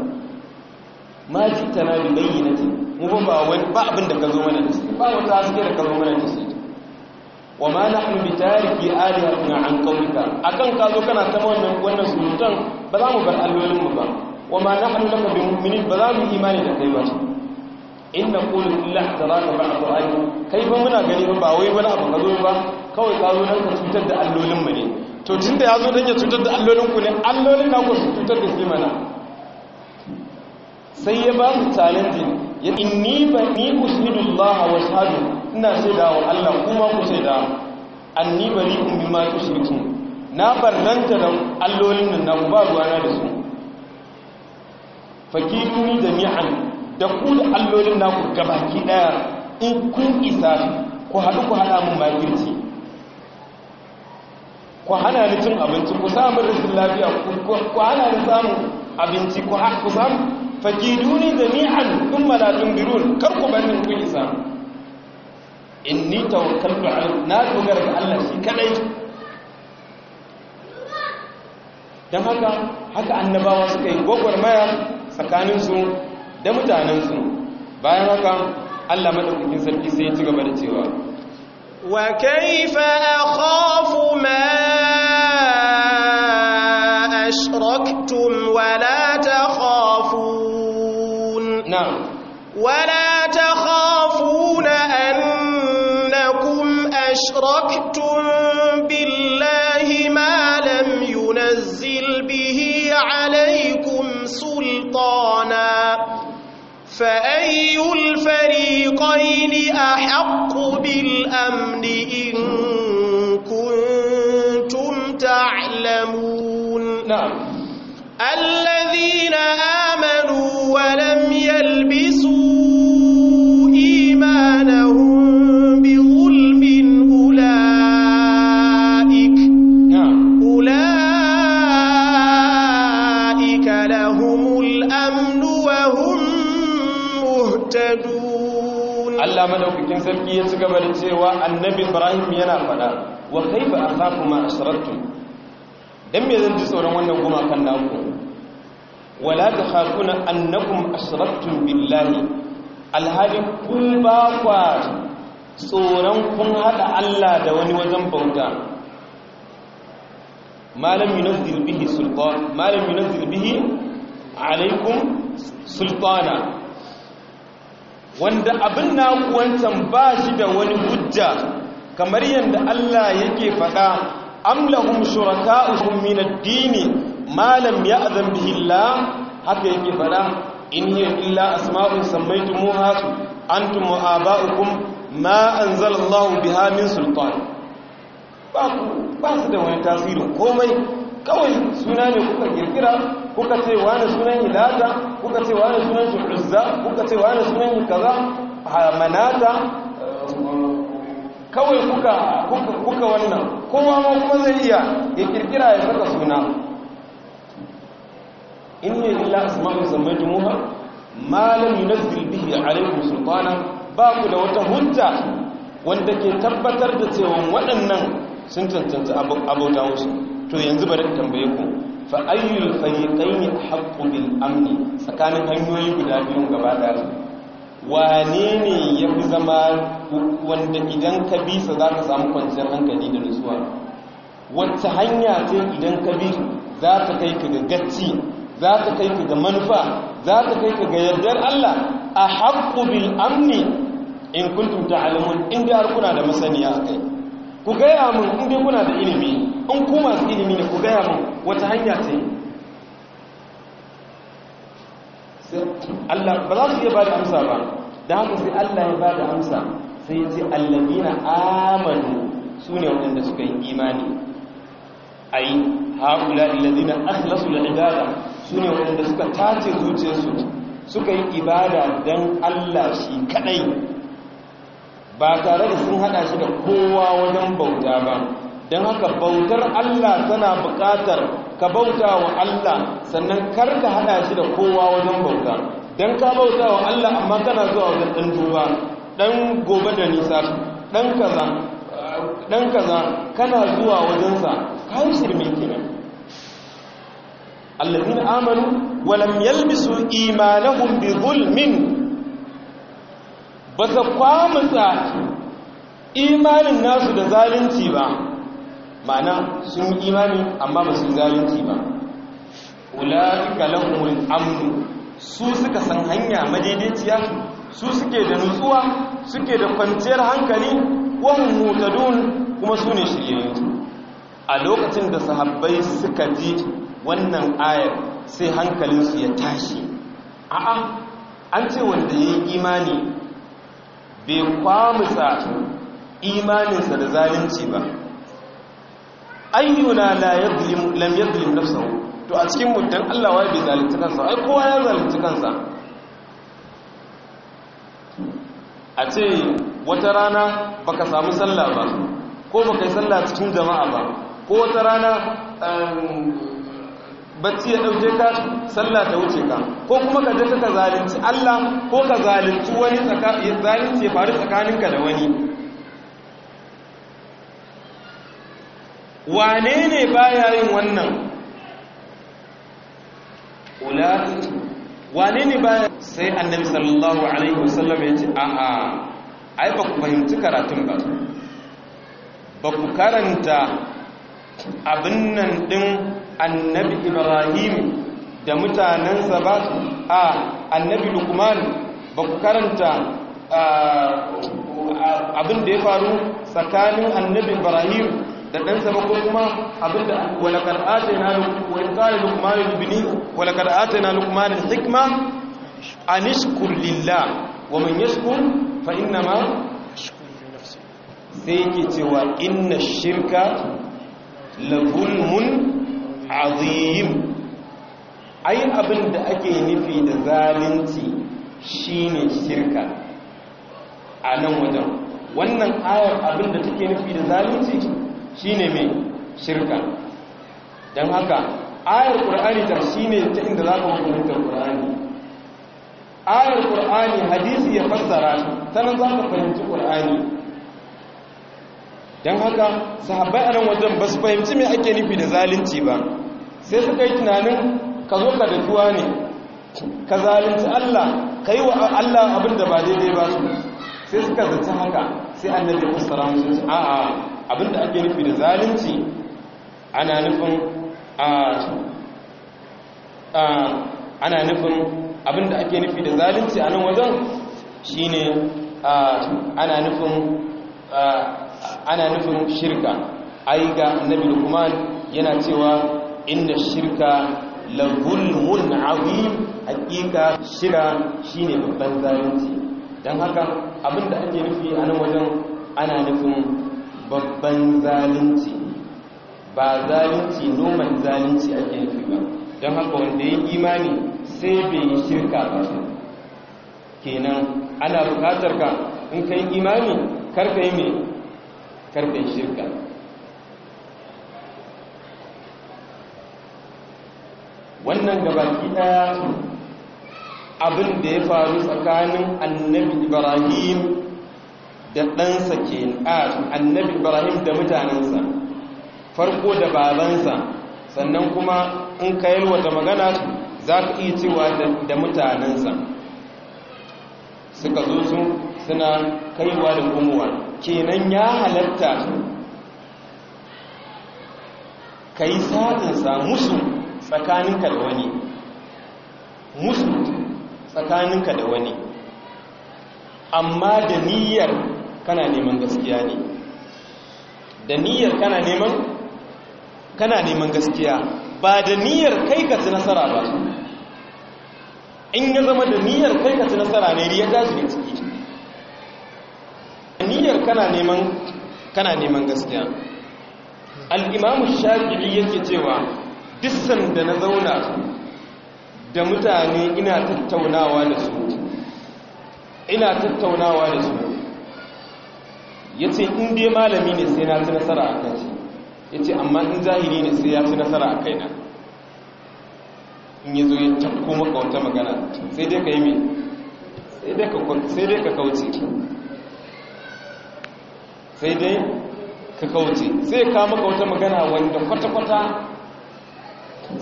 ma jitana bi bayyinati mu ba ba wani ba abin da ka zo mana da shi ba wata haske da ka zo mana da shi wa ma nahnu bi tariki alihatina an qawlika akan ka zo kana ta wannan wannan sunan ba za mu bar allolin mu ba wa ma nahnu lakum bi mu'minin ba za mu imani da kai ba Inna na illa kulla da ba ka kai ba muna gani ba wai wani abu ka zo ba kawai ka zo don ka cutar da allolin mu ne to tun ya zo dan ya cutar da allolin ku ne allolin na ku cutar da shi mana sai ya ba su challenge ya inni ba ni allah wa shahadu ina shaida wa Allah kuma ku da anni bari'un mimma tushrikun na ta da allolin nan na ba ruwana da su fakiruni jami'an da ku da allolin naku gabaki daya in kun isa ku haɗu ku hana mun makirci ku hana ni cin abinci ku samun rikin lafiya ku hana ni samun abinci ku haku samu fakiduni jami'an in malatun birun kar ku kun isa in ni tawakkaltu ala na dogara ga Allah shi kadai dan haka haka annabawa suka yi gwagwarmaya tsakaninsu da mutanensu bayan haka Allah madaukakin sarki sai ya ci gaba da cewa wa kaifa akhafu ma الخيل أحق بالأمن إن كنتم تعلمون نعم الذين آمنوا ولم Allah madaukakin sarki ya ci gaba da cewa annabi Ibrahim yana faɗa wa kaifa akhafu ma asraktum dan me zan ji tsoron wannan gumakan naku wala takhafuna annakum asraktum billahi alhali kun ba kwa tsoron kun hada Allah da wani wajen bauta malam yunazzil bihi sultan malam bihi alaikum sultana wanda abin naku wancan ba shi da wani hujja kamar yadda Allah yake faɗa am lahum shuraka'uhum min ad-dini ma lam ya'zam bihi Allah haka yake faɗa in hiya illa asma'un sammaytumuha antum wa aba'ukum ma anzalallahu biha min sultan ba su da wani tasiri komai kawai suna ne kuka girgira kuka ce wani sunan ilata kuka ce wani sunan yi uzza kuka ce suna sunan kaza manata kawai kuka kuka wannan kowa ma kuma zai iya ya girgira ya saka suna In ne inni lillahi jimuwa zammatumuha yi na yunzil a alaikun sultana ba ku da wata hujja wanda ke tabbatar da cewa waɗannan sun cancanta abota musu to yanzu bari in tambaye ku fa ayyul fariqayn haqqu bil amni tsakanin hanyoyi guda biyu gaba daya wane ne ya fi zama wanda idan ka bi sa ka samu kwanciyar hankali da nutsuwa wacce hanya ce idan ka bi za ta kai ka ga gacci za ta kai ka ga manufa za ta kai ka ga yardar Allah a haqqu bil amni in kuntum ta'lamun in da har da masaniya akai ku gaya mun in dai kuna da ilimi in ku masu ilimi ne ku gaya mun, wata hanya ta yi Allah ba za su iya ba da amsa ba da haka sai Allah ya ba da amsa sai ya ce allazina amanu su ne wanda suka yi imani ai haula allazina akhlasu lil ibada su ne wanda suka tace zuciyarsu suka yi ibada dan Allah shi kadai ba tare da sun hada shi da kowa wajen bauta ba don haka bautar Allah tana buƙatar ka bauta wa Allah sannan kar ka hada shi da kowa wajen bauta don ka bauta wa Allah amma kana zuwa wajen ɗan duba ɗan gobe da nisa ɗan kaza ɗan kaza kana zuwa wajensa kai shirme Allah alladhina amanu wa lam yalbisu imanahum bi zulmin ba sa imanin nasu da zalunci ba ma'ana sun yi imani amma ba sun zalunci ba ula'ika lahumul amuru su suka san hanya madaidaiciya su suke da nutsuwa suke da kwanciyar hankali wani mutadun kuma su ne yanzu? a lokacin da sahabbai suka ji wannan ayar sai hankalinsu ya tashi a'a an ce wanda ya yi imani bai kwamusa imaninsa da zalunci ba ayyuna la yadhlim lam yadhlim nafsahu to a cikin muddan Allah wai bai zalunci kansa ai kowa ya zalunci kansa a ce wata rana baka samu sallah ba ko baka yi sallah cikin jama'a ba ko wata rana um, bacci ya ɗauke ka sallah ta wuce ka ko kuma ka je ka zalunci Allah ko ka zalunci wani zalunci ya faru tsakaninka da wani wane ne baya yin wannan ulati wane ne baya sai annabi sallallahu alaihi wasallam ya ce a'a ai ba ku fahimci karatun ba ba ku karanta abin nan din annabi ibrahim da mutanensa ba a annabi lukman ba ku karanta abin da ya faru tsakanin annabi ibrahim da ɗansa ba ko kuma abin da walakar atina lukmanin bini walakar na lukmanin hikma a nishkur lillah wa man yashkur fa inna ma sai yake cewa inna shirka la zulmun azim ai abin da ake nufi da zalunci shine shirka a nan wajen wannan ayar abin da take nufi da zalunci shine mai shirka don haka ayar ƙur'ani ta shine ta inda za ka hukunta ƙur'ani ayar ƙur'ani hadisi ya fassara ta nan za ka fahimci ƙur'ani don haka sahabbai a nan wajen ba su fahimci mai ake nufi da zalunci ba sai suka yi tunanin ka zo ka dafuwa ne ka zalunci allah ka yi wa allah abin da ba daidai ba su sai suka zaci haka sai an annabi musara a a'a abin da ake nufi da zalunci ana nufin ana nufin abin da ake nufi da zalunci a nan wajen shine ana nufin ana nufin shirka ai ga annabi lukman yana cewa inda shirka la gulmul azim hakika shirka shine babban zalunci dan haka abinda ake nufi a nan wajen ana nufin babban zalunci ba zalunci noman zalunci ake nufi ba don haka wanda ya imani sai bai yi shirka ba kenan ana bukatar ka in kai imani karka yi mai karfe shirka wannan gabaki daya abin da ya faru tsakanin annabi ibrahim da ɗansa ke annabi ibrahim da mutanensa farko da babansa sannan kuma in ka wata magana za ka iya cewa da mutanensa suka zo sun suna kaiwa da kumuwa kenan ya halatta ka yi sadinsa musu tsakaninka da wani musu tsakaninka da wani amma da niyyar kana neman gaskiya ne da niyyar kana neman kana neman gaskiya ba da niyyar kai ka ci nasara ba in ya zama da niyyar kai ka ci nasara ne ya tashi wannan kana neman kana neman gaskiya al'imamu shafi'i yake cewa dissan da na zauna da mutane ina tattaunawa da su ina tattaunawa da su yace in dai malami ne sai na ci nasara a kai yace ya ce amma in zahiri ne sai ya ci nasara a kai na in ya zo ya tafko maka wata magana sai dai ka yi mai sai dai ka kauce sai dai ka kauce sai ka maka wata magana wanda kwata-kwata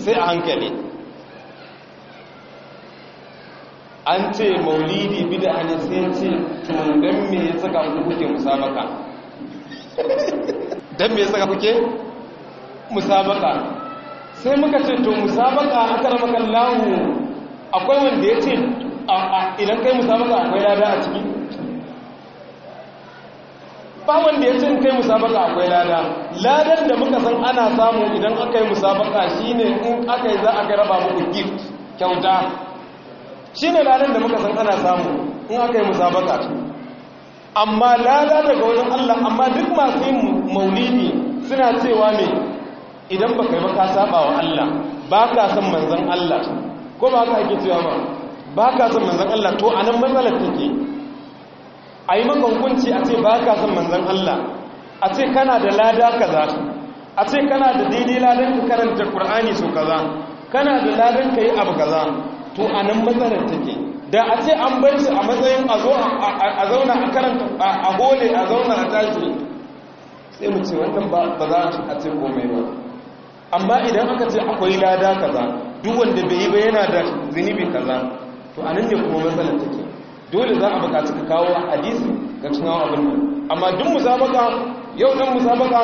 sai a hankali an ce maulidi bida ne sai ce tunan dan me ya saka kuke musabaka don me ya saka kuke musamaka sai muka ce to musabaka a ramakan lahu akwai wanda ya ce idan kai musabaka akwai lada a ciki ba wanda ya cin kai musabaka akwai lada ladar da muka san ana samu idan aka yi musabaka shine in aka yi za a raba muku gift kyauta shine ladar da muka san ana samu in aka yi musabaka amma lada daga wajen Allah amma duk masu yin maulidi suna cewa ne idan baka yi baka saba wa Allah ba ka san manzon Allah ko ba ka ake cewa ba ba ka san manzon Allah to anan matsalar take a yi maka hukunci a ce ba ka son manzan Allah a ce kana da lada kaza a ce kana da daidai ladan ka karanta Qur'ani so kaza kana da ladan ka yi abu kaza to a nan matsalar take da a ce an bar shi a matsayin a zo a zauna a karanta a gole a zauna a tashi sai mu ce wannan ba za a ce komai ba amma idan aka ce akwai lada kaza duk wanda bai yi ba yana da zunubi kaza to a nan ne kuma matsalar take dole za a buƙaci ka kawo hadisi ga cikin abin nan amma duk musabaka yau dan musabaka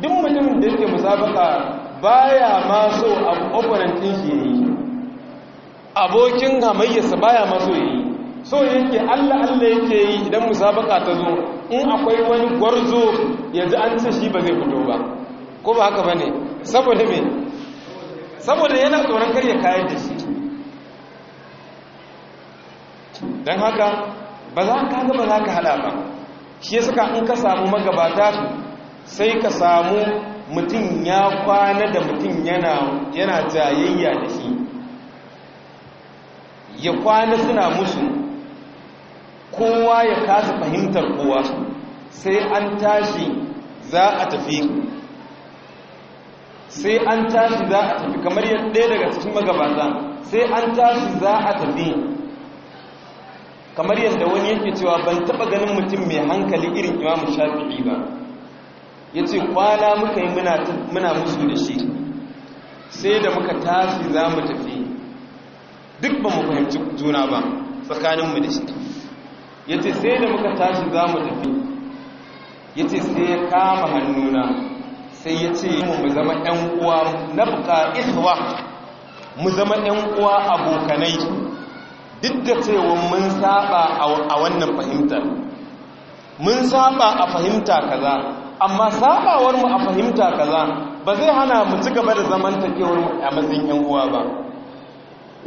duk mutum da yake musabaka baya ma so opponent din shi yi abokin hamayyarsa baya ma so yi so yake Allah Allah yake yi idan musabaka ta zo in akwai wani gwarzo yanzu an ce shi ba zai fito ba ko ba haka bane saboda me saboda yana tsoron kar ya kayar da shi don haka ba za ka ga ba za ka hada ba shi ya saka in ka samu magabata sai ka samu mutum ya kwana da mutum yana jayayya da shi ya kwana suna musu kowa ya kasa fahimtar kowa sai an tashi za a tafi sai an tashi za a tafi kamar yadda daga cikin magabata sai an tashi za a tafi kamar yadda wani yake cewa ban taba ganin mutum mai hankali irin imamu shafi'i ba ya ce kwana muka yi muna musu da shi sai da muka tashi za mu tafi duk ba mu fahimci juna ba tsakaninmu da shi ya ce sai da muka tashi za mu tafi ya ce sai ya kama hannuna sai ya ce mu zama 'yan uwa na buka iswa mu zama 'yan uwa abokanai duk da cewa mun saba a wannan fahimtar mun saba a fahimta kaza amma sabawar mu a fahimta kaza ba zai hana mu ci gaba da zaman takewar mu a matsayin yan uwa ba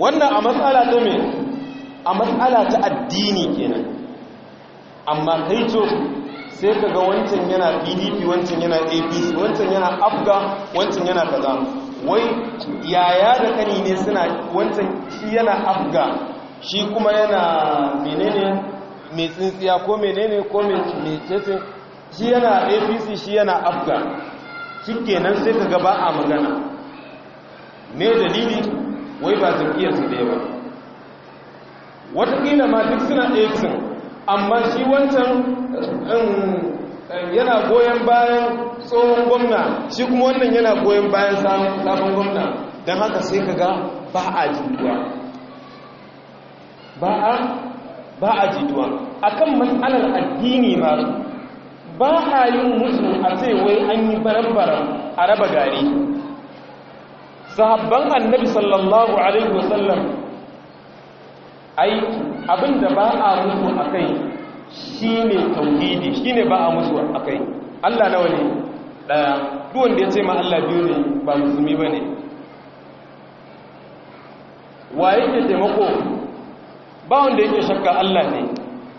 wannan a matsala ta me a matsala ta addini kenan amma kai to sai kaga wancan yana PDP wancan yana APC wancan yana Afga wancan yana kaza wai yaya da kani ne suna wancan shi yana Afga shi kuma yana menene mai tsintsiya ko menene ko mai tsintsiya shi yana apc shi yana afghan shi nan sai ka gaba a magana ne dalili wai ba jam'iyyarsu da yawa watakila ma duk suna apc amma shi wancan yana goyon bayan tsohon gwamna shi kuma wannan yana goyon bayan sabon gwamna don haka sai ka ga ba a jituwa ba a ba a jituwa akan matsalar addini ma ba a yin musu a ce wai an yi barabbaran a raba gari sahabban annabi sallallahu alaihi wasallam ai abinda ba a musu a kai shi ne tauhidi shi ne ba a musu a kai allah nawa ne ɗaya duwanda ya ce ma allah biyu ne ba musulmi ba ne waye ke taimako ba wanda yake shakka Allah ne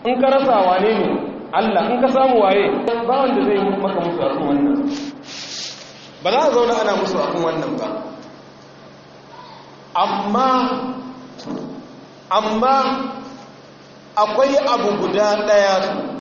in ka rasa wane ne Allah in ka samu waye ba wanda zai yi maka musu akan wannan ba za a zauna ana musu akan wannan ba amma amma akwai abu guda daya